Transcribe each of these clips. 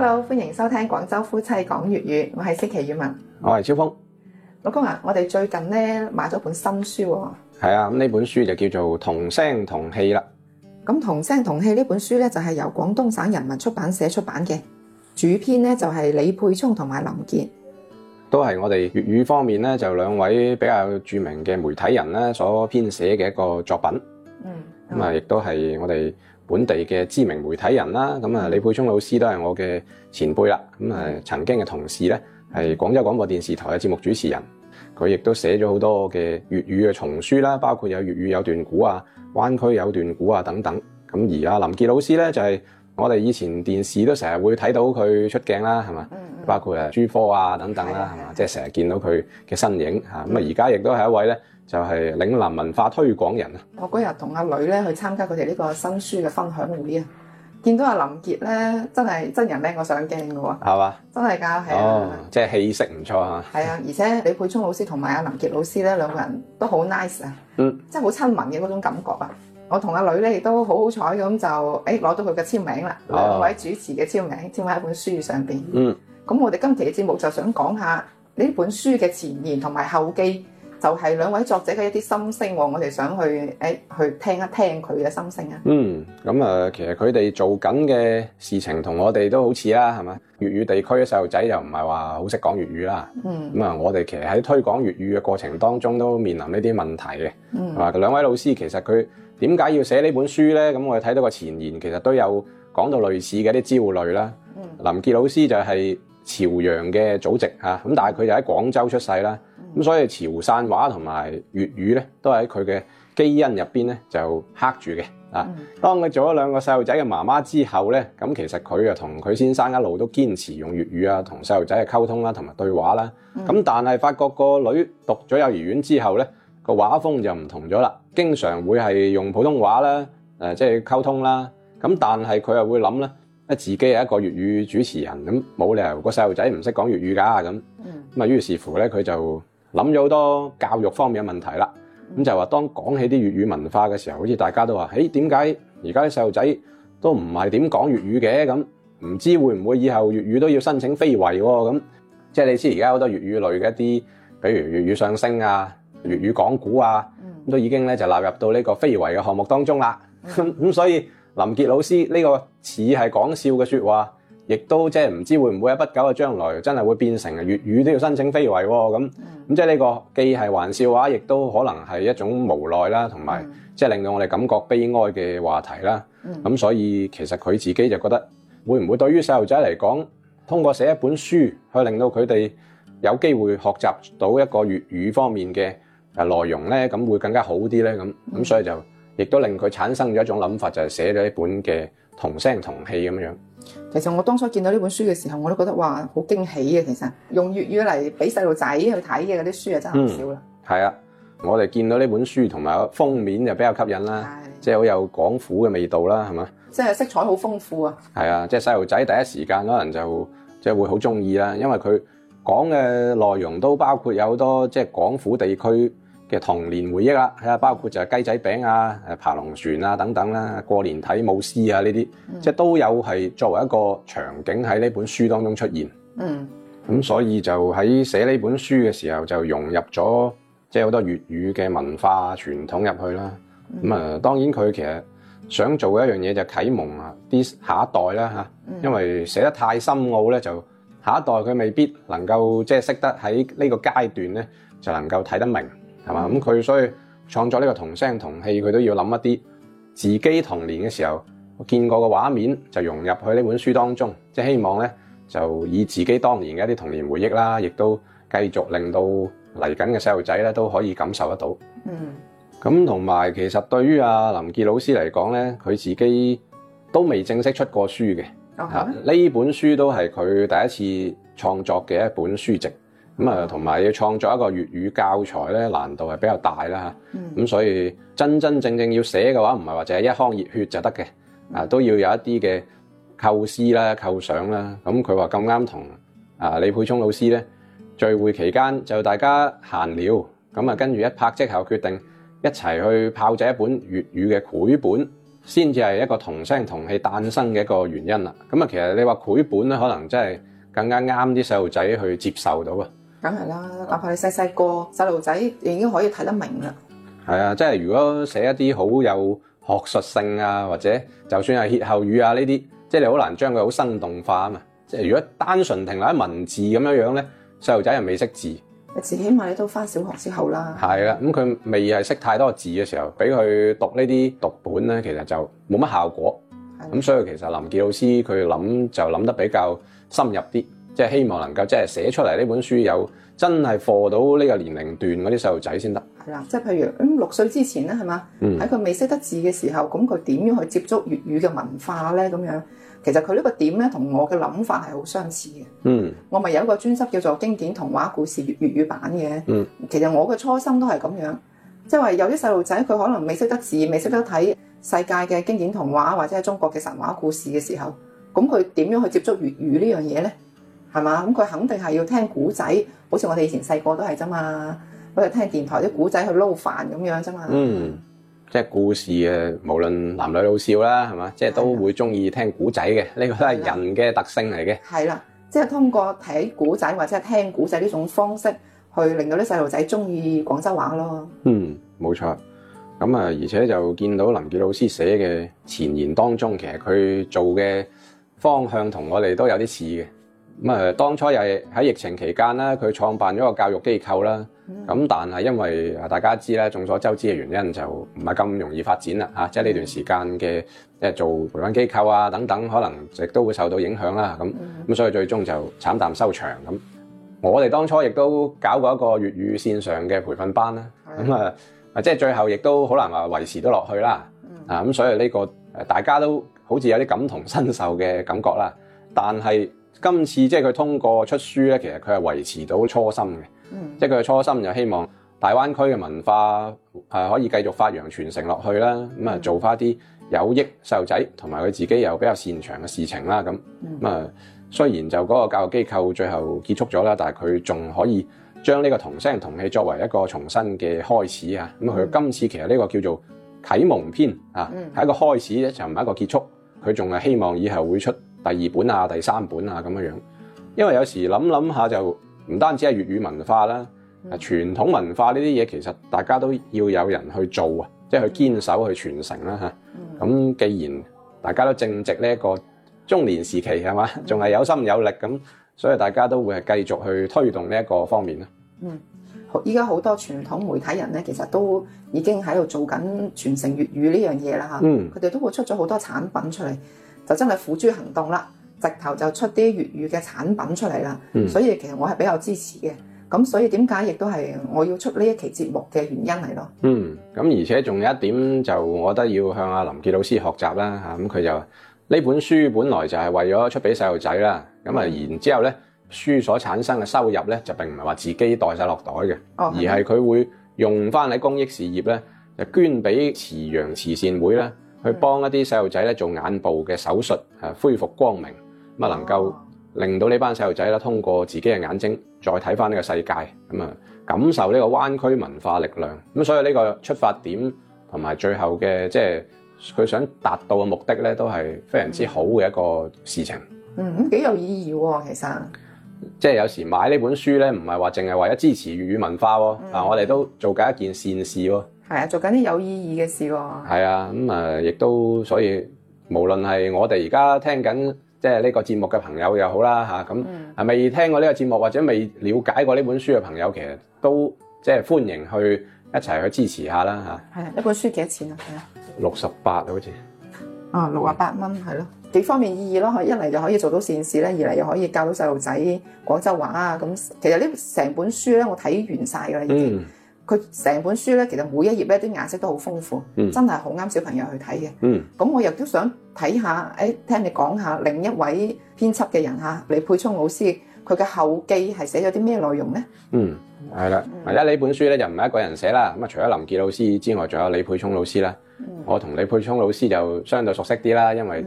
hello，歡迎收聽廣州夫妻講粵語，我係星期雨文，我係超峰，老公啊，我哋最近咧買咗本新書。哦，係啊，咁呢本書就叫做《童聲童戲》啦。咁《童聲童戲》呢本書咧就係、是、由廣東省人民出版社出版嘅，主編咧就係、是、李沛聰同埋林潔，都係我哋粵語方面咧就兩位比較著名嘅媒體人咧所編寫嘅一個作品。嗯，咁啊，亦都係我哋。本地嘅知名媒體人啦，咁啊李沛聰老師都係我嘅前輩啦，咁啊曾經嘅同事咧，係廣州廣播電視台嘅節目主持人，佢亦都寫咗好多嘅粵語嘅叢書啦，包括有粵語有段古啊、灣區有段古啊等等，咁而阿林潔老師咧就係我哋以前電視都成日會睇到佢出鏡啦，係嘛、嗯嗯，包括啊 G4 啊等等啦，係嘛、嗯嗯，即係成日見到佢嘅身影嚇，咁啊而家亦都係一位咧。就係嶺南文化推廣人啊！我嗰日同阿女咧去參加佢哋呢個新書嘅分享會啊，見到阿林潔咧真係真人靚，我上鏡嘅喎，係嘛？真係噶，係啊！哦，即係氣息唔錯吓。係啊，而且李沛聰老師同埋阿林潔老師咧，兩個人都好 nice 啊，嗯，真係好親民嘅嗰種感覺啊！我同阿女咧亦都好好彩咁就誒攞、哎、到佢嘅簽名啦，兩、哦、位主持嘅簽名簽喺一本書上邊，嗯、咁、嗯、我哋今期嘅節目就想講下呢本書嘅前言同埋後記。就係兩位作者嘅一啲心聲，我哋想去誒去聽一聽佢嘅心聲啊、嗯。嗯，咁、呃、啊，其實佢哋做緊嘅事情同我哋都好似啦，係嘛？粵語地區嘅細路仔又唔係話好識講粵語啦。嗯，咁啊、嗯嗯，我哋其實喺推廣粵語嘅過程當中都面臨呢啲問題嘅。嗯，係嘛？兩位老師其實佢點解要寫呢本書咧？咁我睇到個前言其實都有講到類似嘅啲焦慮啦。嗯，嗯林潔老師就係潮陽嘅祖籍吓，咁、啊、但係佢就喺廣州出世啦。咁所以潮汕話同埋粵語咧，都喺佢嘅基因入邊咧就刻住嘅啊。嗯、當佢做咗兩個細路仔嘅媽媽之後咧，咁其實佢啊同佢先生一路都堅持用粵語啊同細路仔嘅溝通啦、啊，同埋對話啦。咁、嗯、但係發覺個女讀咗幼兒園之後咧，個畫風就唔同咗啦，經常會係用普通話啦，誒即係溝通啦。咁、啊、但係佢又會諗咧，自己係一個粵語主持人，咁冇理由個細路仔唔識講粵語㗎、啊、咁。咁啊、嗯、於是乎咧，佢就諗咗好多教育方面嘅問題啦，咁、嗯、就係話當講起啲粵語文化嘅時候，好似大家都話，誒點解而家啲細路仔都唔係點講粵語嘅？咁唔知會唔會以後粵語都要申請非遺喎、哦？咁即係你知而家好多粵語類嘅一啲，比如粵語相聲啊、粵語講古啊，嗯、都已經咧就納入到呢個非遺嘅項目當中啦。咁咁、嗯、 所以林潔老師呢個似係講笑嘅説話。亦都即係唔知會唔會喺不久嘅將來真係會變成啊，粵語都要申請非遺喎。咁、咁即係呢個既係玩笑話，亦都可能係一種無奈啦，同埋、mm. 即係令到我哋感覺悲哀嘅話題啦。咁、mm. 所以其實佢自己就覺得會唔會對於細路仔嚟講，通過寫一本書去令到佢哋有機會學習到一個粵語方面嘅內容呢？咁會更加好啲呢。咁、咁、mm. 所以就亦都令佢產生咗一種諗法，就係寫咗一本嘅。同聲同氣咁樣。其實我當初見到呢本書嘅時候，我都覺得哇，好驚喜嘅。其實用粵語嚟俾細路仔去睇嘅嗰啲書啊，就真係好少啦。係啊，我哋見到呢本書同埋封面就比較吸引啦，即係好有廣府嘅味道啦，係嘛？即係色彩好豐富啊。係啊，即係細路仔第一時間可能就即係會好中意啦，因為佢講嘅內容都包括有好多即係廣府地區嘅童年回憶啦，睇下包括就係雞仔餅啊、誒爬龍船啊等等啦、啊。過年睇舞獅啊呢啲，嗯、即係都有係作為一個場景喺呢本書當中出現。嗯，咁所以就喺寫呢本書嘅時候就融入咗，即係好多粵語嘅文化傳統入去啦。咁啊、嗯，當然佢其實想做嘅一樣嘢就啟蒙啊啲下一代啦嚇，嗯、因為寫得太深奧咧，就下一代佢未必能夠即係識得喺呢個階段咧，就能夠睇得明。係嘛咁佢所以創作呢個童聲童戲，佢都要諗一啲自己童年嘅時候我見過嘅畫面，就融入去呢本書當中，即係希望咧就以自己當年嘅啲童年回憶啦，亦都繼續令到嚟緊嘅細路仔咧都可以感受得到。嗯，咁同埋其實對於阿、啊、林潔老師嚟講咧，佢自己都未正式出過書嘅，呢 Okay. 本書都係佢第一次創作嘅一本書籍。咁啊，同埋、嗯、要創作一個粵語教材咧，難度係比較大啦嚇。咁、嗯嗯、所以真真正正要寫嘅話，唔係話淨係一腔熱血就得嘅，啊都要有一啲嘅構思啦、構想啦。咁佢話咁啱同啊、啊李沛聰老師咧聚會期間就大家閒聊，咁啊、嗯嗯、跟住一拍即合，決定一齊去炮製一本粵語嘅繪本，先至係一個同聲同氣誕生嘅一個原因啦。咁啊、啊，其實你話繪本咧，可能真係更加啱啲細路仔去接受到啊。梗係啦，哪怕你細細個細路仔已經可以睇得明啦。係啊，即係如果寫一啲好有學術性啊，或者就算係歇後語啊呢啲，即係你好難將佢好生動化啊嘛。即係如果單純停留喺文字咁樣樣咧，細路仔又未識字。字起碼你都翻小學之後啦。係啊，咁、嗯、佢未係識太多的字嘅時候，俾佢讀呢啲讀本咧，其實就冇乜效果。咁的所以其實林潔老師佢諗就諗得比較深入啲。即係希望能夠即係寫出嚟呢本書有真係課到呢個年齡段嗰啲細路仔先得，係啦。即係譬如咁六歲之前咧係嘛？喺佢、嗯、未識得字嘅時候，咁佢點樣去接觸粵語嘅文化咧？咁樣其實佢呢個點咧，同我嘅諗法係好相似嘅。嗯，我咪有一個專輯叫做《經典童話故事粵語版》嘅。嗯，其實我嘅初心都係咁樣，即係話有啲細路仔佢可能未識得字，未識得睇世界嘅經典童話或者係中國嘅神話故事嘅時候，咁佢點樣去接觸粵語呢樣嘢咧？係嘛？咁佢肯定係要聽古仔，好似我哋以前細個都係啫嘛。我又聽電台啲古仔去撈飯咁樣啫嘛。嗯，嗯，即係故事嘅，無論男女老少啦，係嘛，即係都會中意聽古仔嘅。呢個都係人嘅特性嚟嘅。係啦，即係通過睇古仔或者係聽古仔呢種方式，去令到啲細路仔中意廣州話咯。嗯，冇錯。咁啊，而且就見到林潔老師寫嘅前言當中，其實佢做嘅方向同我哋都有啲似嘅。咁誒、嗯，當初又係喺疫情期間啦，佢創辦咗個教育機構啦。咁、嗯、但係因為大家知啦，眾所周知嘅原因就唔係咁容易發展啦嚇。即係呢段時間嘅誒、就是、做培訓機構啊等等，可能亦都會受到影響啦。咁、嗯、咁、嗯、所以最終就慘淡收場。咁我哋當初亦都搞過一個粵語線上嘅培訓班啦。咁啊、嗯、啊，即、就、係、是、最後亦都好難話維持得落去啦。啊咁，嗯嗯、所以呢個誒大家都好似有啲感同身受嘅感覺啦。但係。今次即係佢通過出書咧，其實佢係維持到初心嘅，嗯、即係佢嘅初心就希望大灣區嘅文化係、啊、可以繼續發揚傳承落去啦。咁啊，做翻啲有益細路仔同埋佢自己又比較擅長嘅事情啦。咁、啊、咁啊，雖然就嗰個教育機構最後結束咗啦，但係佢仲可以將呢個童聲童戲作為一個重新嘅開始啊。咁、啊、佢、嗯嗯、今次其實呢個叫做啟蒙篇啊，係一個開始啫，就唔係一個結束。佢仲係希望以後會出。第二本啊，第三本啊，咁樣樣，因為有時諗諗下就唔單止係粵語文化啦，啊、嗯，傳統文化呢啲嘢其實大家都要有人去做啊，即係、嗯、去堅守去傳承啦吓，咁、嗯、既然大家都正值呢一個中年時期係嘛，仲係、嗯、有心有力咁，所以大家都會係繼續去推動呢一個方面啦。嗯，依家好多傳統媒體人咧，其實都已經喺度做緊傳承粵語呢樣嘢啦吓，嗯，佢哋都會出咗好多產品出嚟。就真係付諸行動啦，直頭就出啲粵語嘅產品出嚟啦，嗯、所以其實我係比較支持嘅。咁所以點解亦都係我要出呢一期節目嘅原因嚟咯。嗯，咁而且仲有一點就我覺得要向阿林潔老師學習啦嚇，咁佢就話呢本書本來就係為咗出俾細路仔啦，咁啊、嗯、然之後咧書所產生嘅收入咧就並唔係話自己袋晒落袋嘅，哦、而係佢會用翻喺公益事業咧，就捐俾慈陽慈善會啦。嗯去幫一啲細路仔咧做眼部嘅手術，誒恢復光明，咁啊能夠令到呢班細路仔咧通過自己嘅眼睛再睇翻呢個世界，咁啊感受呢個灣區文化力量。咁所以呢個出發點同埋最後嘅即係佢想達到嘅目的咧，都係非常之好嘅一個事情。嗯，咁幾有意義喎，其實。即係有時買呢本書咧，唔係話淨係為咗支持粵語文化，嗱、嗯、我哋都做緊一件善事喎。係啊，做緊啲有意義嘅事喎。係啊，咁啊，亦、嗯、都所以，無論係我哋而家聽緊即係呢個節目嘅朋友又好啦吓，咁係未聽過呢個節目或者未了解過呢本書嘅朋友，其實都即係歡迎去一齊去支持下啦嚇。係、啊啊、一本書幾多錢啊？係啊，六十八好似。嗯、啊，六啊八蚊係咯，幾方面意義咯？一嚟就可以做到善事咧，二嚟又可以教到細路仔廣州話啊。咁、嗯、其實呢成本書咧，我睇完晒㗎啦已經。嗯佢成本書咧，其實每一頁咧啲顏色都好豐富，嗯、真係好啱小朋友去睇嘅。咁、嗯、我又都想睇下，誒，聽你講下另一位編輯嘅人嚇，李沛聰老師佢嘅後記係寫咗啲咩內容咧？嗯，係啦，一呢、嗯、本書咧就唔係一個人寫啦。咁啊，除咗林潔老師之外，仲有李沛聰老師啦。嗯、我同李沛聰老師就相對熟悉啲啦，因為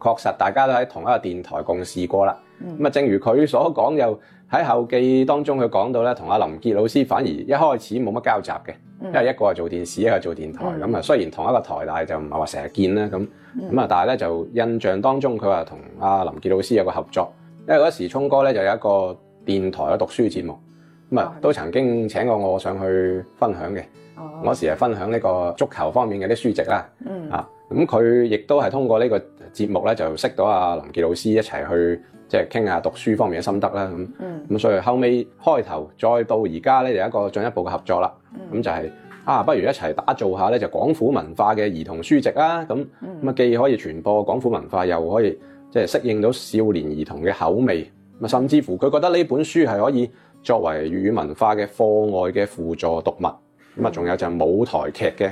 確實大家都喺同一個電台共事過啦。咁啊，正如佢所講又。喺後記當中，佢講到咧，同阿林潔老師反而一開始冇乜交集嘅，嗯、因為一個係做電視，一個做電台咁啊。嗯、雖然同一個台，但係就唔係話成日見啦。咁咁啊，嗯、但係咧就印象當中，佢話同阿林潔老師有個合作，因為嗰時聰哥咧就有一個電台嘅讀書節目，咁啊都曾經請過我上去分享嘅。嗰、嗯、時係分享呢個足球方面嘅啲書籍啦。啊、嗯，咁佢亦都係通過個節呢個節目咧，就識到阿林潔老師一齊去。即係傾下讀書方面嘅心得啦，咁咁所以後尾開頭再到而家咧，有一個進一步嘅合作啦，咁就係啊，不如一齊打造下咧，就廣府文化嘅兒童書籍啦。咁咁啊既可以傳播廣府文化，又可以即係適應到少年兒童嘅口味，咁啊甚至乎佢覺得呢本書係可以作為粵語文化嘅課外嘅輔助讀物，咁啊仲有就係舞台劇嘅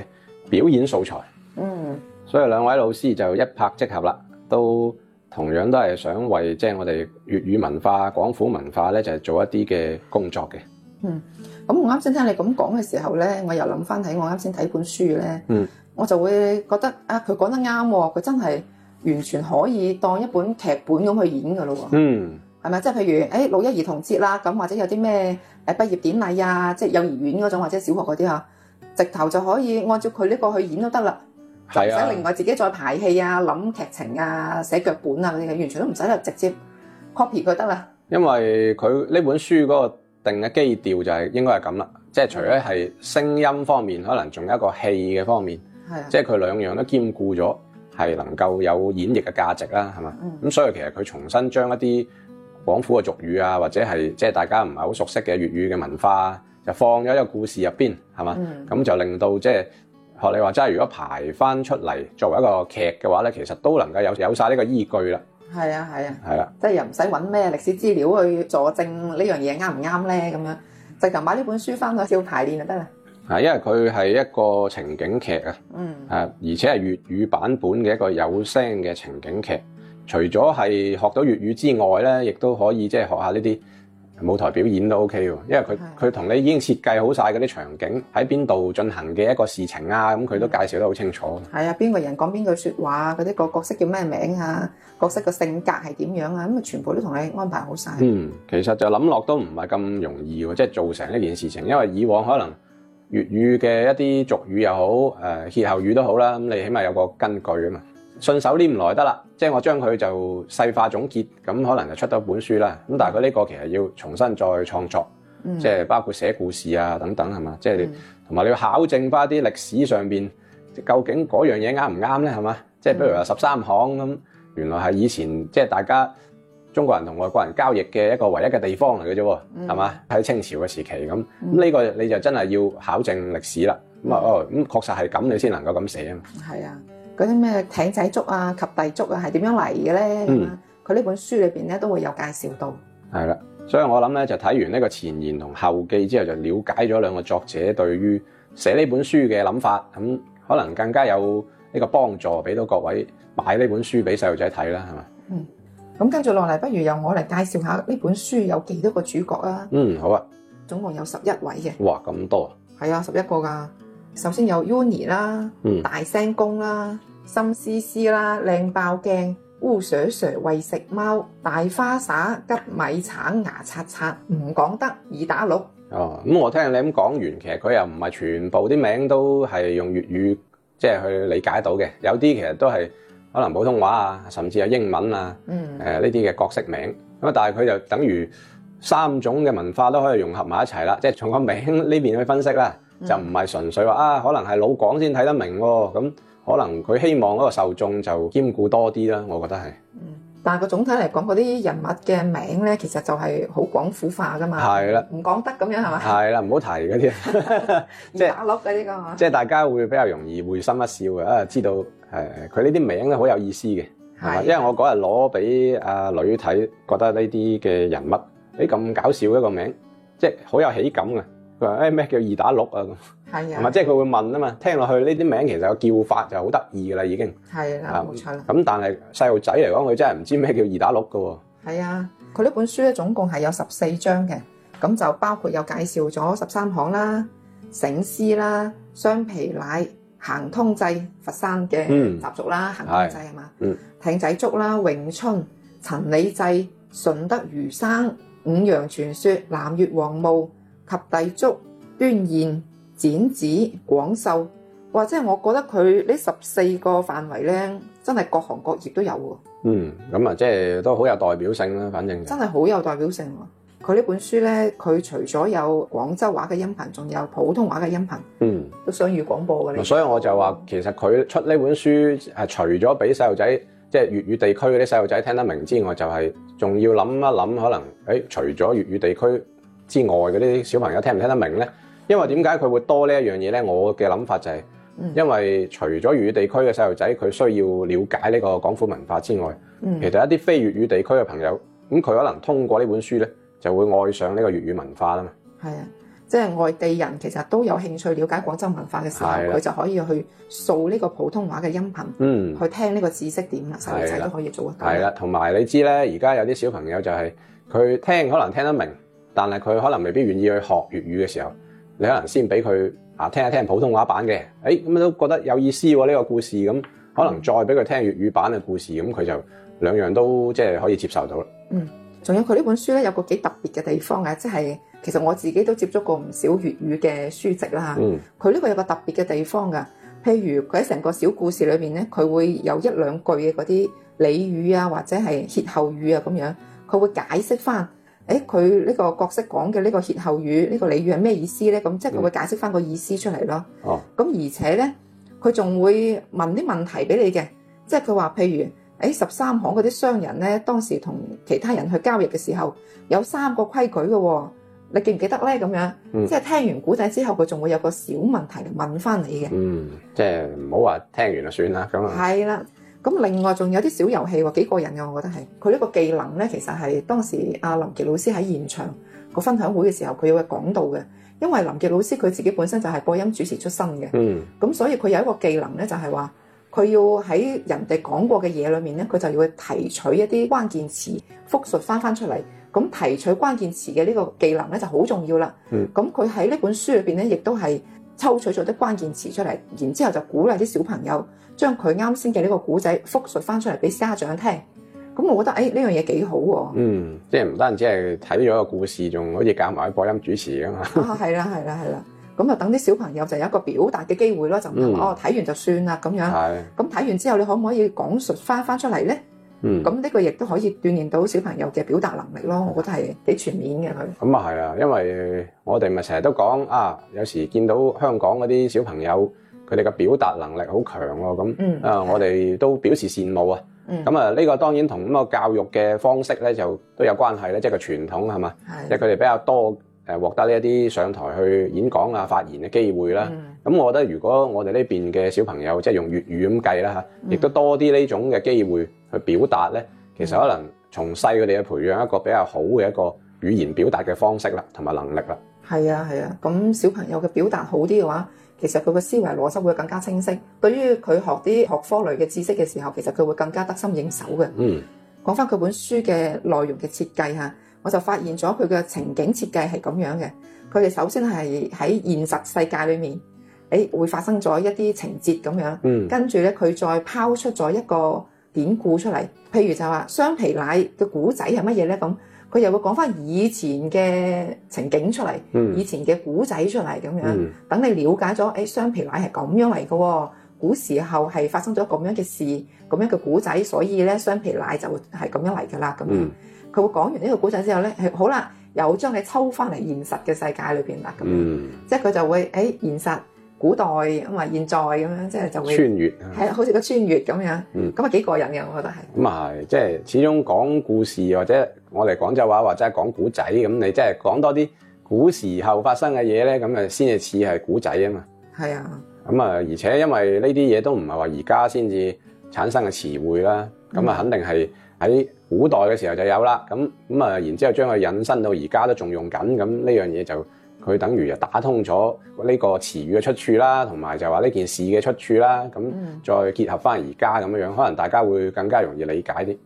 表演素材，嗯，所以兩位老師就一拍即合啦，都。同樣都係想為即係、就是、我哋粵語文化、廣府文化咧，就係、是、做一啲嘅工作嘅。嗯，咁我啱先聽你咁講嘅時候咧，我又諗返起我啱先睇本書咧，嗯、我就會覺得啊，佢講得啱、哦，佢真係完全可以當一本劇本咁去演噶咯、哦。嗯，係咪？即係譬如誒六、哎、一兒童節啦、啊，咁或者有啲咩誒畢業典禮啊，即係幼兒園嗰種或者小學嗰啲吓，直頭就可以按照佢呢個去演都得啦。係啊！唔使另外自己再排戲啊、諗劇情啊、寫腳本啊啲完全都唔使啦，直接 copy 佢得啦。因為佢呢本書嗰個定嘅基調就係應該係咁啦，即係除咗係聲音方面，可能仲有一個戲嘅方面，啊、即係佢兩樣都兼顧咗，係能夠有演繹嘅價值啦，係嘛？咁、嗯、所以其實佢重新將一啲廣府嘅俗語啊，或者係即係大家唔係好熟悉嘅粵語嘅文化，就放咗一個故事入邊，係嘛？咁、嗯、就令到即係。學你話，真係如果排翻出嚟作為一個劇嘅話咧，其實都能夠有有曬呢個依據啦。係啊，係啊，係啦、啊，即係又唔使搵咩歷史資料去佐證合合呢樣嘢啱唔啱咧咁樣，直頭買呢本書翻去照排練就得啦。啊，因為佢係一個情景劇啊，嗯，啊，而且係粵語版本嘅一個有聲嘅情景劇，除咗係學到粵語之外咧，亦都可以即係學下呢啲。舞台表演都 OK 喎，因為佢佢同你已經設計好晒嗰啲場景，喺邊度進行嘅一個事情啊，咁佢都介紹得好清楚。係啊，邊個人講邊句説話，嗰啲個角色叫咩名啊，角色個性格係點樣啊，咁啊全部都同你安排好晒。嗯，其實就諗落都唔係咁容易喎，即係做成呢件事情，因為以往可能粵語嘅一啲俗語又好，誒歇後語都好啦，咁你起碼有個根據啊嘛。信手拈唔來得啦，即係我將佢就細化總結，咁可能就出到本書啦。咁但係佢呢個其實要重新再創作，即係包括寫故事啊等等係嘛？即係同埋你要考證翻啲歷史上邊，究竟嗰樣嘢啱唔啱咧係嘛？即係譬如話十三行咁，原來係以前即係大家中國人同外國人交易嘅一個唯一嘅地方嚟嘅啫，係嘛？喺、嗯、清朝嘅時期咁，咁呢、嗯、個你就真係要考證歷史啦。咁啊、嗯、哦，咁確實係咁，你先能夠咁寫啊。係啊。嗰啲咩艇仔粥啊及第粥啊，係點樣嚟嘅咧？佢呢、嗯、本書裏邊咧都會有介紹到。係啦，所以我諗咧就睇完呢個前言同後記之後，就了解咗兩個作者對於寫呢本書嘅諗法，咁、嗯、可能更加有呢個幫助，俾到各位買呢本書俾細路仔睇啦，係咪？嗯，咁跟住落嚟，不如由我嚟介紹下呢本書有幾多個主角啊？嗯，好啊，總共有十一位嘅。哇，咁多！係啊，十一個噶。首先有 Uni 啦，大聲公啦，心思思啦，靚爆鏡，烏蛇蛇，喂食貓，大花灑，吉米橙，牙刷刷，唔講得，二打六。哦，咁我聽你咁講完，其實佢又唔係全部啲名都係用粵語，即係去理解到嘅。有啲其實都係可能普通話啊，甚至係英文啊，誒呢啲嘅角色名。咁啊，但係佢就等於三種嘅文化都可以融合埋一齊啦。即係從個名呢邊去分析啦。就唔係純粹話啊，可能係老廣先睇得明喎。咁可能佢希望嗰個受眾就兼顧多啲啦，我覺得係。嗯，但係個總體嚟講，嗰啲人物嘅名咧，其實就係好廣府化噶嘛。係啦，唔講得咁樣係嘛？係啦，唔好提嗰啲，即係打落嗰啲咁啊。即係大家會比較容易會心一笑嘅啊，知道誒，佢呢啲名咧好有意思嘅。係，因為我嗰日攞俾阿女睇，覺得呢啲嘅人物，誒咁搞笑一個名，即係好有喜感嘅。佢話：誒咩叫二打六啊？咁，係啊，係咪？即係佢會問啊嘛，聽落去呢啲名其實有叫法就好得意噶啦，已經。係啦，冇錯啦。咁但係細路仔嚟講，佢真係唔知咩叫二打六噶喎。係啊，佢呢本書咧總共係有十四章嘅，咁就包括有介紹咗十三行啦、醒獅啦、雙皮奶、行通濟佛山嘅習俗啦、行通濟係嘛，艇仔粥啦、詠春陳李濟、順德魚生、五羊傳說、南越王墓。及第粥、端硯、剪紙廣繡，或者係我覺得佢呢十四個範圍咧，真係各行各業都有喎。嗯，咁啊，即係都好有代表性啦，啊，反正。真係好有代表性，啊。佢呢本書咧，佢除咗有廣州話嘅音頻，仲有普通話嘅音頻，嗯，都雙語廣播嘅。所以我就話，其實佢出呢本書係除咗俾細路仔，即係粵語地區嘅啲細路仔聽得明之外，就係，是，仲要諗一諗，可能誒，除咗粵語地區。之外嘅呢啲小朋友聽唔聽得明呢？因為點解佢會多呢一樣嘢呢？我嘅諗法就係，嗯，因為除咗粵語地區嘅細路仔，佢需要了解呢個廣府文化之外，嗯，其實一啲非粵語地區嘅朋友，咁佢可能通過呢本書呢，就會愛上呢個粵語文化啦嘛。係啊，即係外地人其實都有興趣了解廣州文化嘅時候，佢就可以去掃呢個普通話嘅音頻，嗯，去聽呢個知識點啦，細路仔都可以做得到。係啦，同埋你知呢，而家有啲小朋友就係佢聽可能聽得明。但係佢可能未必願意去學粵語嘅時候，你可能先俾佢啊聽一聽普通話版嘅，誒咁都覺得有意思喎，呢個故事咁，可能再俾佢聽粵語版嘅故事咁，佢、嗯、就兩樣都即係、就是、可以接受到啦。嗯，仲有佢呢本書咧有個幾特別嘅地方啊，即係其實我自己都接觸過唔少粵語嘅書籍啦嚇。嗯。佢呢個有個特別嘅地方㗎，譬如佢喺成個小故事裏邊咧，佢會有一兩句嘅嗰啲俚語啊，或者係歇後語啊咁樣，佢會解釋返。誒佢呢個角色講嘅呢個歇後語，呢、呢個俚語係咩意思咧？咁即係佢會解釋翻個意思出嚟咯。咁、哦、而且咧，佢仲會問啲問題俾你嘅，即係佢話譬如，誒十三行嗰啲商人咧，當時同其他人去交易嘅時候，有三個規矩嘅喎、哦，你記唔記得咧？咁樣，嗯、即係聽完古仔之後，佢仲會有個小問題嚟問翻你嘅。嗯，即係唔好話聽完就算啦。咁啊，係啦。咁另外仲有啲小遊戲，喎，幾過癮嘅，我覺得係佢呢個技能咧，其實係當時阿林潔老師喺現場個分享會嘅時候，佢會講到嘅。因為林潔老師佢自己本身就係播音主持出身嘅，咁、嗯嗯、所以佢有一個技能咧，就係、是、話，佢要喺人哋講過嘅嘢裏面咧，佢就要去提取一啲關鍵詞，複述翻翻出嚟。咁提取關鍵詞嘅呢個技能咧就好重要啦。咁佢喺呢本書入邊咧，亦都係抽取咗啲關鍵詞出嚟，然之後就鼓勵啲小朋友。將佢啱先嘅呢個故仔復述翻出嚟俾家長聽，咁我覺得誒呢樣嘢幾好喎、啊。嗯，即係唔單止係睇咗個故事，仲可以夾埋啲播音主持噶嘛。 啊，係啦，係啦，係啦。咁啊，啊啊啊就等啲小朋友就有一個表達嘅機會咯，就唔得、嗯、哦。睇完就算啦咁樣。係、啊。咁睇、嗯、完之後，你可唔可以講述翻翻出嚟咧？嗯。咁呢個亦都可以鍛鍊到小朋友嘅表達能力咯。我覺得係幾全面嘅佢。咁啊係啊，因為我哋咪成日都講啊，有時見到香港嗰啲小朋友。佢哋嘅表達能力好強喎，咁啊，我哋都表示羨慕啊。咁啊、嗯，呢個當然同咁個教育嘅方式咧，就都有關係咧，即係個傳統係嘛，即係佢哋比較多誒獲得呢一啲上台去演講啊發言嘅機會啦。咁、嗯、我覺得如果我哋呢邊嘅小朋友即係、就是、用粵語咁計啦嚇，亦都多啲呢種嘅機會去表達咧，嗯、其實可能從細佢哋去培養一個比較好嘅一個語言表達嘅方式啦，同埋能力啦。係啊係啊，咁、啊、小朋友嘅表達好啲嘅話。其實佢個思維邏輯會更加清晰，對於佢學啲學科類嘅知識嘅時候，其實佢會更加得心應手嘅。嗯，講返佢本書嘅內容嘅設計吓，我就發現咗佢嘅情景設計係咁樣嘅。佢哋首先係喺現實世界裏面，誒會發生咗一啲情節咁樣，嗯、跟住咧佢再拋出咗一個典故出嚟，譬如就話雙皮奶嘅古仔係乜嘢咧咁。佢又會講翻以前嘅情景出嚟，嗯、以前嘅古仔出嚟咁樣，等你了解咗，誒雙皮奶係咁樣嚟嘅喎，古時候係發生咗咁樣嘅事，咁樣嘅古仔，所以咧雙皮奶就係咁樣嚟嘅啦，咁樣佢、嗯、會講完呢個古仔之後咧，係好啦，又將你抽翻嚟現實嘅世界裏邊啦，咁樣，嗯、即係佢就會誒現實。古代咁啊，現在咁樣，即係就會穿越，係啊，好似個穿越咁樣，咁啊幾過癮嘅，我覺得係。咁啊係，即係始終講故事或者我哋廣州話或者係講古仔咁，你即係講多啲古時候發生嘅嘢咧，咁啊先至似係古仔啊嘛。係啊。咁啊，而且因為呢啲嘢都唔係話而家先至產生嘅詞彙啦，咁啊肯定係喺古代嘅時候就有啦。咁咁啊，然之後將佢引申到而家都仲用緊，咁呢樣嘢就。佢等於就打通咗呢個詞語嘅出處啦，同埋就話呢件事嘅出處啦，咁再結合翻而家咁樣樣，可能大家會更加容易理解啲。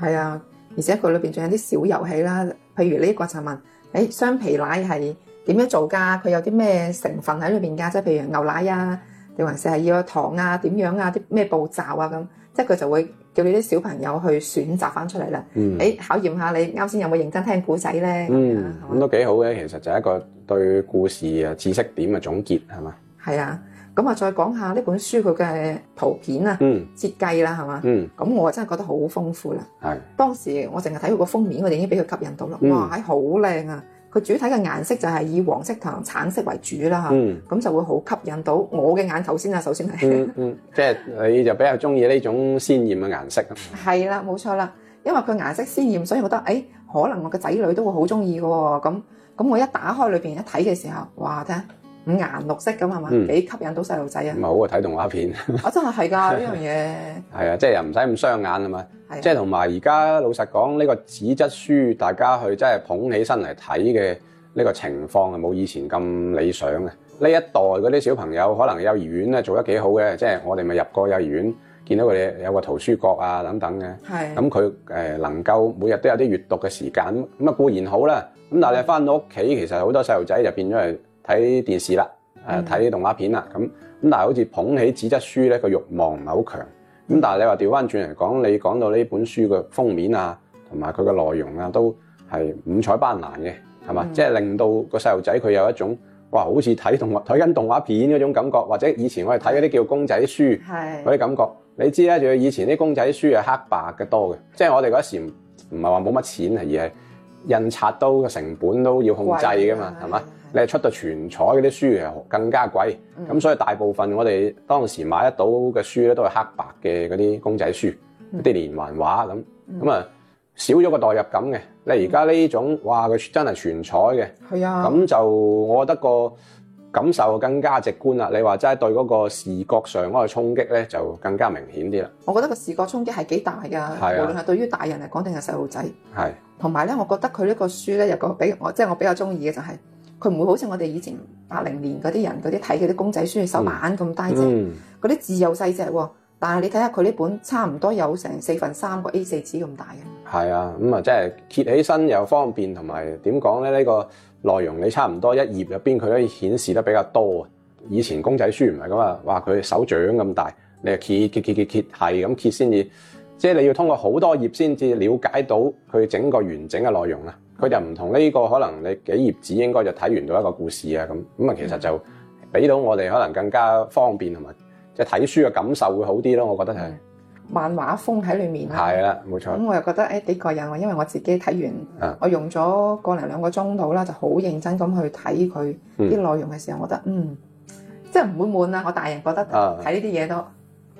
係啊，而且佢裏邊仲有啲小遊戲啦，譬如呢個就問，誒雙皮奶係點樣做㗎？佢有啲咩成分喺裏邊㗎？即係譬如牛奶啊，定還是係要糖啊？點樣啊？啲咩步驟啊？咁即係佢就會。叫你啲小朋友去選擇翻出嚟啦，誒、嗯，考驗下你啱先有冇認真聽故仔咧？咁咁、嗯吧嗯、都幾好嘅，其實就係一個對故事啊知識點嘅總結，係嘛？係啊，咁啊再講下呢本書佢嘅圖片啊，設計啦，係嘛？嗯，咁我真係覺得好豐富啦。係、嗯。當時我淨係睇佢個封面，我哋已經俾佢吸引到啦。嗯、哇，係、哎、好靚啊！佢主體嘅顏色就係以黃色同橙色為主啦，嚇、嗯，咁就會好吸引到我嘅眼球先啦，首先係、嗯。嗯即係、就是、你就比較中意呢種鮮豔嘅顏色。係啦， 冇錯啦，因為佢顏色鮮豔，所以我覺得誒、欸，可能我嘅仔女都會好中意嘅喎。咁咁，我一打開裏邊一睇嘅時候，哇，睇下。五顏六色咁係嘛？幾、嗯、吸引到細路仔啊！咪好啊，睇動畫片啊！真係係㗎呢樣嘢。係 啊，就是、啊即係又唔使咁傷眼啊嘛。即係同埋而家老實講，呢、這個紙質書大家去真係捧起身嚟睇嘅呢個情況啊，冇以前咁理想啊。呢一代嗰啲小朋友可能幼兒園咧做得幾好嘅，即、就、係、是、我哋咪入過幼兒園，見到佢哋有個圖書角啊等等嘅。係咁佢誒能夠每日都有啲閱讀嘅時間咁啊固然好啦，咁但係翻到屋企其實好多細路仔就變咗係。睇電視啦，誒、呃、睇動畫片啦，咁咁，但係好似捧起紙質書咧，個欲望唔係好強。咁但係你話調翻轉嚟講，你講到呢本書嘅封面啊，同埋佢嘅內容啊，都係五彩斑斕嘅，係嘛？嗯、即係令到個細路仔佢有一種哇，好似睇動睇緊動畫片嗰種感覺，或者以前我哋睇嗰啲叫公仔書嗰啲感覺。是你知咧，仲要以前啲公仔書係黑白嘅多嘅，即係我哋嗰時唔唔係話冇乜錢啊，而係印刷都個成本都要控制噶嘛，係嘛了？你出到全彩嗰啲書，係更加貴。咁、嗯、所以大部分我哋當時買得到嘅書咧都係黑白嘅嗰啲公仔書，啲、嗯、連環畫咁咁啊，嗯、少咗個代入感嘅。嗯、你而家呢種哇，佢真係全彩嘅，係啊，咁就我覺得個感受更加直觀啦。你話真係對嗰個視覺上嗰個衝擊咧就更加明顯啲啦。我覺得個視覺衝擊係幾大㗎，啊、無論係對於大人嚟講定係細路仔，係同埋咧，我覺得佢呢個書咧有個比我即係我比較鍾意嘅就係、是。佢唔會好似我哋以前八零年嗰啲人嗰啲睇嗰啲公仔書手板咁大隻，嗰啲字又細隻喎。但係你睇下佢呢本，差唔多有成四分三個 A 四紙咁大嘅。係啊、嗯，咁、嗯、啊、嗯，即係揭起身又方便，同埋點講咧？呢、這個內容你差唔多一頁入邊佢可以顯示得比較多啊。以前公仔書唔係咁啊，哇！佢手掌咁大，你揭揭揭揭揭係咁揭先至，即係你要通過好多頁先至了解到佢整個完整嘅內容啊。佢就唔同呢、這個，可能你幾頁紙應該就睇完到一個故事啊咁咁啊。其實就俾到我哋可能更加方便同埋即係睇書嘅感受會好啲咯。我覺得係、就是、漫畫風喺裏面係啦，冇錯咁我又覺得誒幾過癮，因為我自己睇完，啊、我用咗個零兩個鐘度啦，就好認真咁去睇佢啲內容嘅時候，我覺得嗯即係唔會悶啊。我大人覺得睇呢啲嘢都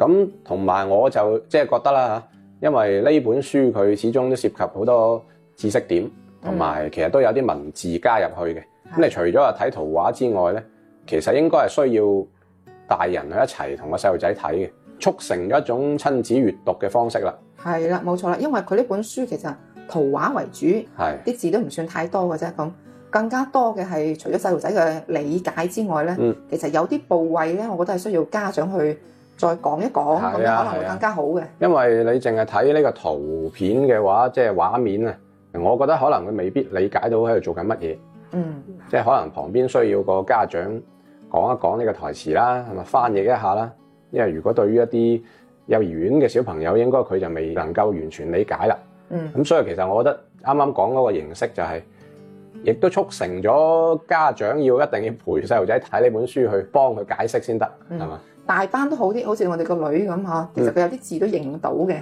咁同埋我就即係、就是、覺得啦嚇，因為呢本書佢始終都涉及好多知識點。同埋，其實都有啲文字加入去嘅。咁你除咗係睇圖畫之外咧，其實應該係需要大人去一齊同個細路仔睇嘅，促成一種親子閱讀嘅方式啦。係啦，冇錯啦，因為佢呢本書其實圖畫為主，係啲字都唔算太多嘅啫。咁更加多嘅係除咗細路仔嘅理解之外咧，嗯，其實有啲部位咧，我覺得係需要家長去再講一講，咁樣可能會更加好嘅。因為你淨係睇呢個圖片嘅話，即係畫面啊。我覺得可能佢未必理解到喺度做緊乜嘢，嗯，即係可能旁邊需要個家長講一講呢個台詞啦，係咪？翻譯一下啦，因為如果對於一啲幼兒園嘅小朋友，應該佢就未能夠完全理解啦，嗯，咁所以其實我覺得啱啱講嗰個形式就係、是，亦都促成咗家長要一定要陪細路仔睇呢本書去幫佢解釋先得，係嘛、嗯。大班都好啲，好似我哋個女咁嚇，其實佢有啲字都認唔到嘅，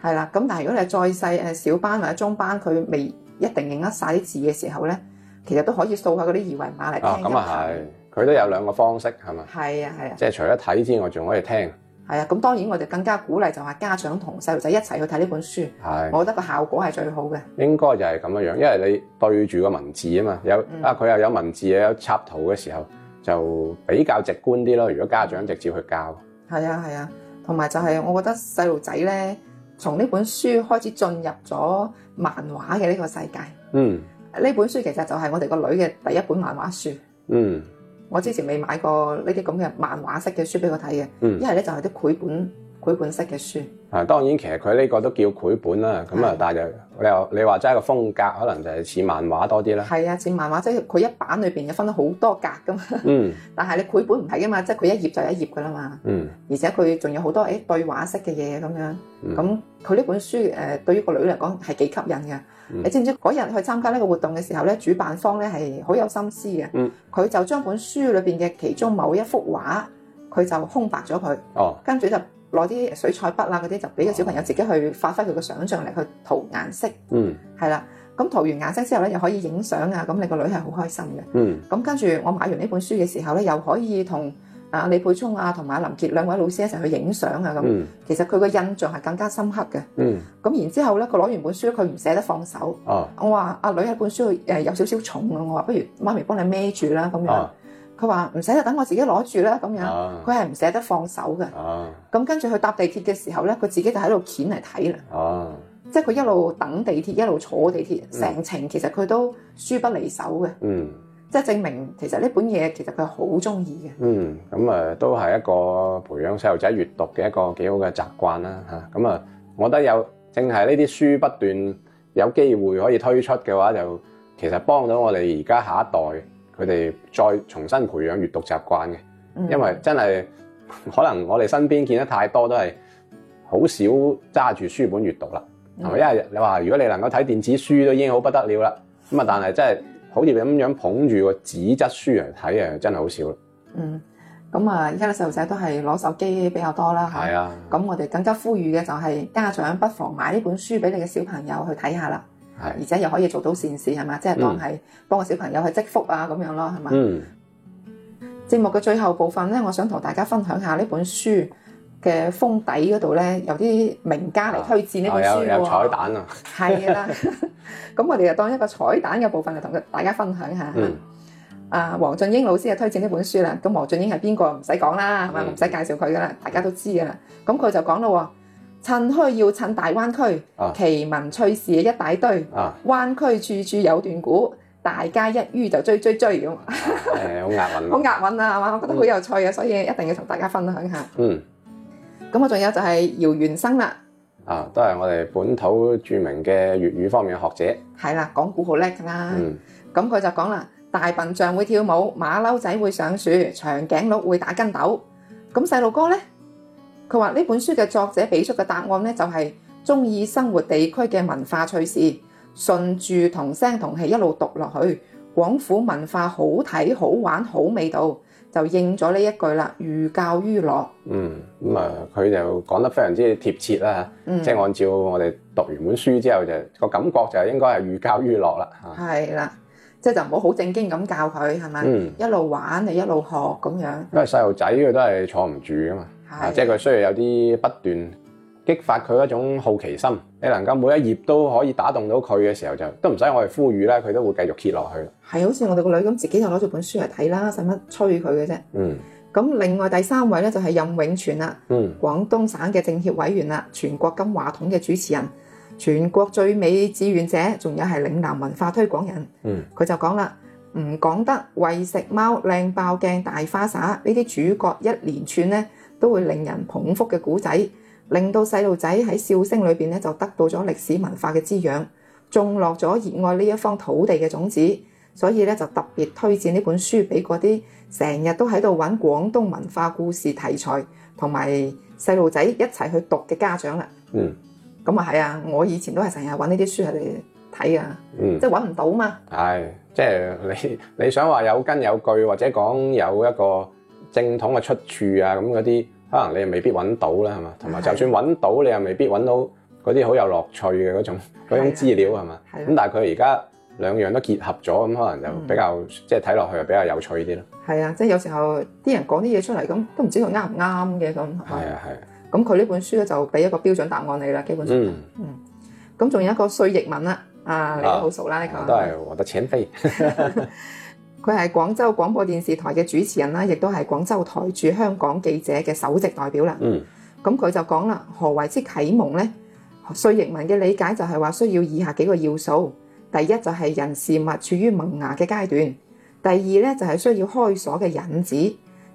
係啦、啊。咁但係如果你係再細誒小班或者中班，佢未一定認得晒啲字嘅時候咧，其實都可以掃下嗰啲二維碼嚟聽。咁啊係，佢都有兩個方式係嘛？係啊係啊，即係除咗睇之外，仲可以聽。係啊，咁當然我哋更加鼓勵就係家長同細路仔一齊去睇呢本書。係的，我覺得個效果係最好嘅。應該就係咁樣樣，因為你對住個文字啊嘛，有、嗯、啊佢又有文字又有插圖嘅時候，就比較直觀啲咯，如果家長直接去教。係啊，係啊，同埋就係我覺得細路仔咧，從呢本書開始進入咗漫畫嘅呢個世界。嗯，呢本書其實就係我哋個女嘅第一本漫畫書。嗯，我之前未買過呢啲咁嘅漫畫式嘅書俾佢睇嘅。嗯，一係咧就係啲繪本。繪本式嘅書啊，當然其實佢呢個都叫繪本啦。咁啊，但係又你又你話齋個風格，可能就係似漫畫多啲啦。係啊，似漫畫即係佢一版裏邊有分咗好多格噶嘛。嗯。但係你繪本唔係噶嘛，即係佢一頁就一頁噶啦嘛。嗯。而且佢仲有好多誒、欸、對話式嘅嘢，咁樣。咁佢呢本書誒，對於個女嚟講係幾吸引嘅。嗯、你知唔知嗰日去參加呢個活動嘅時候咧，主辦方咧係好有心思嘅。嗯。佢、嗯、就將本書裏邊嘅其中某一幅畫，佢就空白咗佢。哦。跟住就。攞啲水彩筆啊，嗰啲就俾個小朋友自己去發揮佢嘅想像力去塗顏色。嗯，係啦。咁塗完顏色之後咧，又可以影相啊。咁你個女係好開心嘅。嗯。咁跟住我買完呢本書嘅時候咧，又可以同啊李沛聰啊同埋林潔兩位老師一齊去影相啊。咁。嗯、其實佢個印象係更加深刻嘅。嗯。咁然之後咧，佢攞完本書，佢唔捨得放手。哦、啊。我話阿、啊、女，一本書誒有，有少少，少重啊，我話不如媽咪幫你孭住啦，咁樣。啊佢話唔使就等我自己攞住啦咁樣，佢係唔捨得放手嘅。咁、啊、跟住佢搭地鐵嘅時候咧，佢自己就喺度攪嚟睇啦。啊、即係佢一路等地鐵，一路坐地鐵，成、嗯、程其實佢都書不離手嘅。嗯、即係證明其實呢本嘢其實佢好中意嘅。嗯，咁、嗯、啊都係一個培養細路仔閱讀嘅一個幾好嘅習慣啦。嚇、嗯，咁、嗯、啊，我覺得有淨係呢啲書不斷有機會可以推出嘅話，就其實幫到我哋而家下一代。佢哋再重新培養閱讀習慣嘅，因為真係可能我哋身邊見得太多，都係好少揸住書本閱讀啦，係咪、嗯？因為你話如果你能夠睇電子書都已經好不得了啦，咁啊，但係真係好似咁樣捧住個紙質書嚟睇啊，真係好少啦。嗯，咁啊，而家嘅細路仔都係攞手機比較多啦，吓、啊。咁我哋更加呼籲嘅就係家長不妨買呢本書俾你嘅小朋友去睇下啦。而且又可以做到善事，係嘛，即係當係幫個小朋友去積福啊，咁樣咯，係嘛。嗯。節目嘅最後部分咧，我想同大家分享下呢本書嘅封底嗰度咧，有啲名家嚟推薦呢本書，啊、有，有彩蛋啊！係 啦是的，咁 我哋就當一個彩蛋嘅部分嚟同大家分享下。嗯。啊，黃俊英老師嘅推薦呢本書啦，咁黃俊英係邊個唔使講啦，係嘛，唔使、嗯、介紹佢噶啦，大家都知噶啦。咁佢就講咯。趁墟要趁大灣區，啊、奇聞趣事一大堆，啊、灣區處處有段古，大家一於就追追追好押韻，好、 嗯嗯嗯、 押韻啊，嗯、我覺得好有趣嘅，所以一定要同大家分享下。嗯，咁我仲有就係姚元生啦。啊，都係我哋本土著名嘅粵語方面嘅學者。係啦，講古好叻㗎啦。咁佢、嗯、就講啦：大笨象會跳舞，馬騮仔會上樹，長頸鹿會打筋斗。咁細路哥咧？佢話：呢本書嘅作者俾出嘅答案咧，就係、是、中意生活地區嘅文化趣事，順住同聲同氣一路讀落去，廣府文化好睇、好玩、好味道，就應咗呢一句啦。寓教於樂、嗯。嗯，咁、嗯、啊，佢就講得非常之貼切啦。即係、嗯、按照我哋讀完本書之後，就個感覺就應該係寓教於樂啦。係啦，即係就唔好好正經咁教佢係咪？一路玩就一路學咁樣。因為細路仔佢都係坐唔住㗎嘛。啊！是即係佢需要有啲不斷激發佢一種好奇心，你能夠每一頁都可以打動到佢嘅時候就，就都唔使我哋呼籲咧，佢都會繼續揭落去。係好似我哋個女咁，自己就攞住本書嚟睇啦，使乜催佢嘅啫？嗯。咁另外第三位咧就係、是、任永全啦，嗯、廣東省嘅政協委員啦，全國金話筒嘅主持人，全國最美志願者，仲有係嶺南文化推廣人。嗯。佢就講啦，唔講得餵食貓靚爆鏡大花灑呢啲主角一連串咧。都會令人捧腹嘅古仔，令到細路仔喺笑聲裏邊咧就得到咗歷史文化嘅滋養，種落咗熱愛呢一方土地嘅種子。所以咧就特別推薦呢本書俾嗰啲成日都喺度揾廣東文化故事題材同埋細路仔一齊去讀嘅家長啦。嗯，咁啊係啊，我以前都係成日揾呢啲書嚟睇啊，嗯、即係揾唔到嘛。係、哎，即係你你想話有根有據，或者講有一個。正統嘅出處啊，咁嗰啲可能你又未必揾到啦，係嘛？同埋就算揾到，你又未必揾到嗰啲好有樂趣嘅嗰種嗰種資料，係嘛？咁但係佢而家兩樣都結合咗，咁可能就比較、嗯、即係睇落去又比較有趣啲咯。係啊，即係有時候啲人講啲嘢出嚟咁，都唔知道啱唔啱嘅咁。係啊係。咁佢呢本書咧就俾一個標準答案你啦，基本上。嗯。咁仲、嗯、有一個碎譯文啦，啊，你都好熟啦，你都對，我得前輩。啊 佢係廣州廣播電視台嘅主持人啦，亦都係廣州台駐香港記者嘅首席代表啦。嗯，咁佢、嗯、就講啦，何為之啟蒙呢？薛逸文嘅理解就係話需要以下幾個要素：第一就係人事物處於萌芽嘅階段；第二咧就係需要開鎖嘅引子；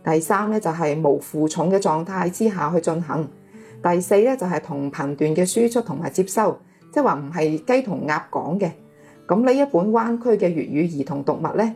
第三咧就係無負重嘅狀態之下去進行；第四咧就係同頻段嘅輸出同埋接收，即係話唔係雞同鴨講嘅。咁、嗯、呢一本灣區嘅粵語兒童讀物咧？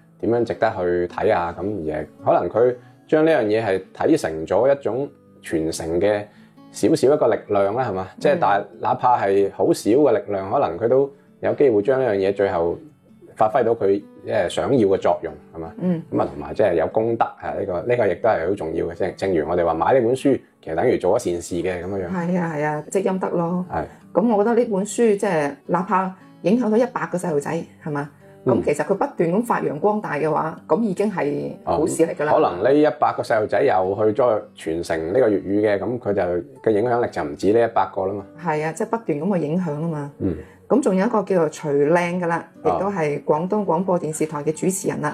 點樣值得去睇啊？咁而可能佢將呢樣嘢係睇成咗一種傳承嘅少少一個力量啦，係嘛？嗯、即係但係哪怕係好少嘅力量，可能佢都有機會將呢樣嘢最後發揮到佢誒想要嘅作用，係嘛？嗯。咁啊，同埋即係有功德啊！呢個呢個亦都係好重要嘅，即係正如我哋話買呢本書，其實等於做咗善事嘅咁樣樣。係啊係啊，積陰德咯。係。咁我覺得呢本書即係哪怕影響到一百個細路仔，係嘛？咁、嗯、其實佢不斷咁發揚光大嘅話，咁已經係好事嚟㗎啦。可能呢一百個細路仔又去再傳承呢個粵語嘅，咁佢就嘅影響力就唔止呢一百個啦、啊就是、嘛。係啊，即係不斷咁去影響啊嘛。嗯。咁仲有一個叫做徐靚㗎啦，亦都係廣東廣播電視台嘅主持人啦，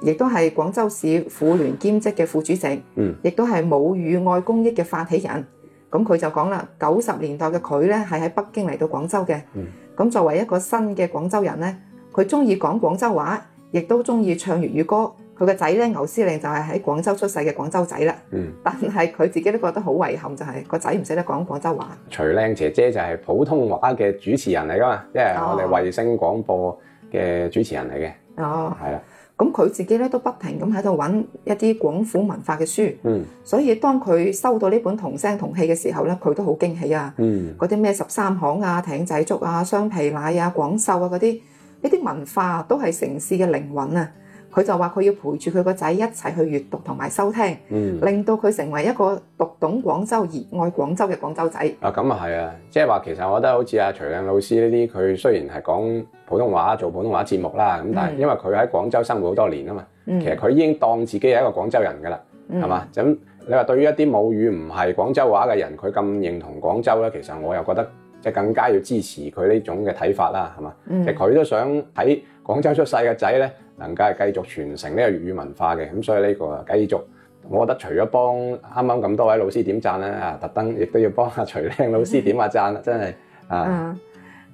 亦都係廣州市婦聯兼職嘅副主席，亦都係母乳愛公益嘅發起人。咁佢就講啦，九十年代嘅佢咧係喺北京嚟到廣州嘅。咁、嗯、作為一個新嘅廣州人咧。佢中意講廣州話，亦都中意唱粵語歌。佢個仔咧牛司令就係喺廣州出世嘅廣州仔啦。嗯，但係佢自己都覺得好遺憾就 hago，就，就係個仔唔識得講廣州話。徐靚姐姐就係普通話嘅主持人嚟㗎嘛，即係我哋衛星廣播嘅主持人嚟嘅。哦，係啦的。咁佢、哦、自己咧都不停咁喺度揾一啲廣府文化嘅書。嗯。所以當佢收到呢本《童聲童戲》嘅時候咧，佢都好驚喜啊！嗯。嗰啲咩十三行啊、艇仔粥啊、雙皮奶啊、廣繡啊嗰啲。呢啲文化都係城市嘅靈魂啊！佢就話佢要陪住佢個仔一齊去閱讀同埋收聽，嗯、令到佢成為一個讀懂廣州、熱愛廣州嘅廣州仔。啊，咁啊係啊！即係話其實我覺得好似阿徐亮老師呢啲，佢雖然係講普通話、做普通話節目啦，咁但係因為佢喺廣州生活好多年啊嘛，嗯、其實佢已經當自己係一個廣州人㗎啦，係嘛、嗯？咁你話對於一啲母語唔係廣州話嘅人，佢咁認同廣州咧，其實我又覺得，就更加要支持佢呢種嘅睇法啦，係嘛？其實佢、嗯、都想喺廣州出世嘅仔呢，能夠繼續傳承呢個粵語文化嘅，咁所以呢個繼續。我覺得除咗幫啱啱咁多位老師點讚咧，啊，特登亦都要幫阿、啊、徐靚老師點下讚，嗯、真係啊，啊。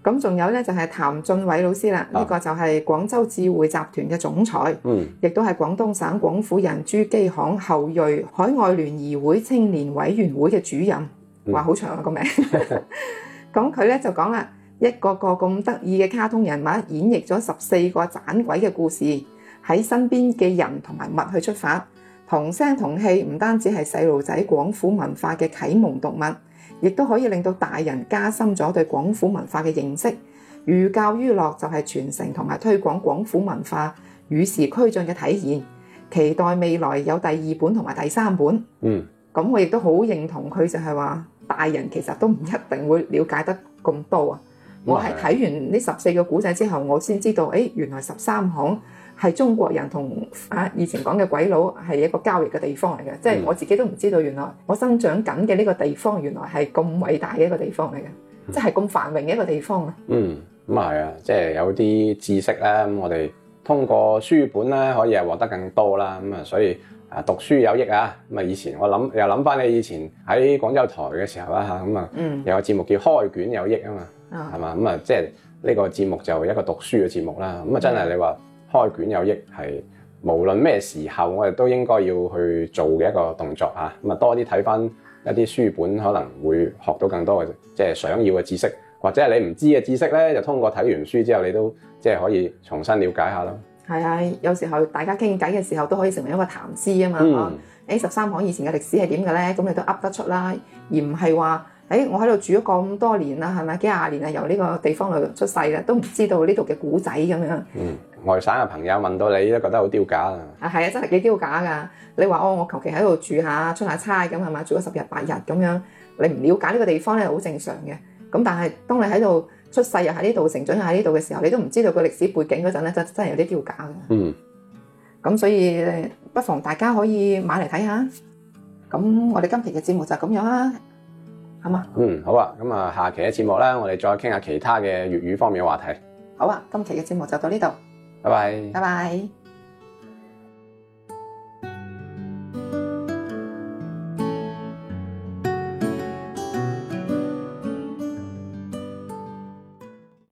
咁仲有呢，就係、是、譚俊偉老師啦，呢、這個就係廣州智匯集團嘅總裁，亦都係廣東省廣府人珠璣巷後裔，海外聯誼會青年委員會嘅主任，話好、嗯、長個、啊、名。 咁佢咧就講啦，一個個咁得意嘅卡通人物演繹咗十四個盞鬼嘅故事，喺身邊嘅人同埋物，物去出發，同聲同氣，唔單止係細路仔廣府文化嘅啟蒙讀物，亦都可以令到大人加深咗對廣府文化嘅認識。寓教於樂就係傳承同埋推廣廣府文化與時俱進嘅體現。期待未來有第二本同埋第三本。嗯，咁我亦都好認同佢就係話。大人其實都唔一定會了解得咁多啊！我係睇完呢十四個古仔之後，我先知道，誒原來十三行係中國人同啊以前講嘅鬼佬係一個交易嘅地方嚟嘅，即係我自己都唔知道，原來我生長緊嘅呢個地方原來係咁偉大嘅一個地方嚟嘅，即係咁繁榮嘅一個地方啊！嗯，咁啊係啊，即係有啲知識啦。咁我哋通過書本咧可以係獲得更多啦，咁啊所以。啊，讀書有益啊！咁啊，以前我諗又諗翻你以前喺廣州台嘅時候啦嚇，咁啊，嗯嗯、有個節目叫開卷有益啊嘛，係嘛、哦？咁啊，即係呢個節目就一個讀書嘅節目啦。咁、嗯、啊，嗯、真係你話開卷有益係無論咩時候，我哋都應該要去做嘅一個動作啊！咁啊，嗯、多啲睇翻一啲書本，可能會學到更多嘅即係想要嘅知識，或者係你唔知嘅知識咧，就通過睇完書之後，你都即係、就是、可以重新了解下囉。係啊，有時候大家傾偈嘅時候都可以成為一個談資、嗯、啊嘛嚇。誒十三行以前嘅歷史係點嘅咧？咁你都噏得出啦，而唔係話誒我喺度住咗咁多年啦，係咪幾廿年啊？由呢個地方度出世啦，都唔知道呢度嘅古仔咁樣。嗯，外省嘅朋友問到你都覺得好丟架啊。啊係啊，真係幾丟架㗎！你話哦，我求其喺度住下，出下差咁係咪？住咗十日八日咁樣，你唔了解呢個地方咧，好正常嘅。咁但係當你喺度出世又喺呢度成長又喺呢度嘅時候，你都唔知道個歷史背景嗰陣咧，就真係有啲丟架嘅。嗯。咁所以不妨大家可以買嚟睇下。咁我哋今期嘅節目就咁樣啦，好嘛？嗯，好啊，咁啊下期嘅節目咧，我哋再傾下其他嘅粵語方面嘅話題。好啊，今期嘅節目就到呢度。拜拜。拜拜。